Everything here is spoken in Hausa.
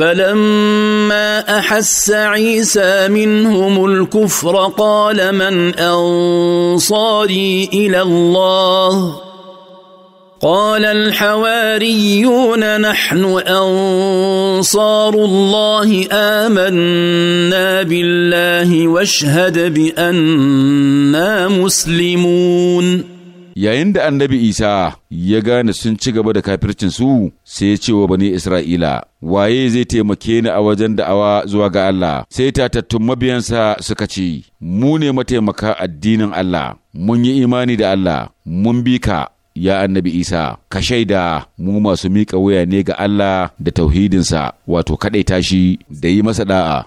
فلما احس عيسى منهم الكفر قال من انصاري الى الله قال الحواريون نحن انصار الله امنا بالله واشهد بانا مسلمون yayin da annabi isa ya gane sun ci gaba da kafircin su sai ya ce wa bani isra'ila waye zai taimake ni a wajen da'awa zuwa ga Allah sai tatattun mabiyansa suka ce mu ne mataimaka addinin Allah mun yi imani da Allah mun bi ka ya annabi isa ka shaida mu masu miƙa wuya ne ga Allah da tauhidinsa wato kaɗai tashi da yi masa da'a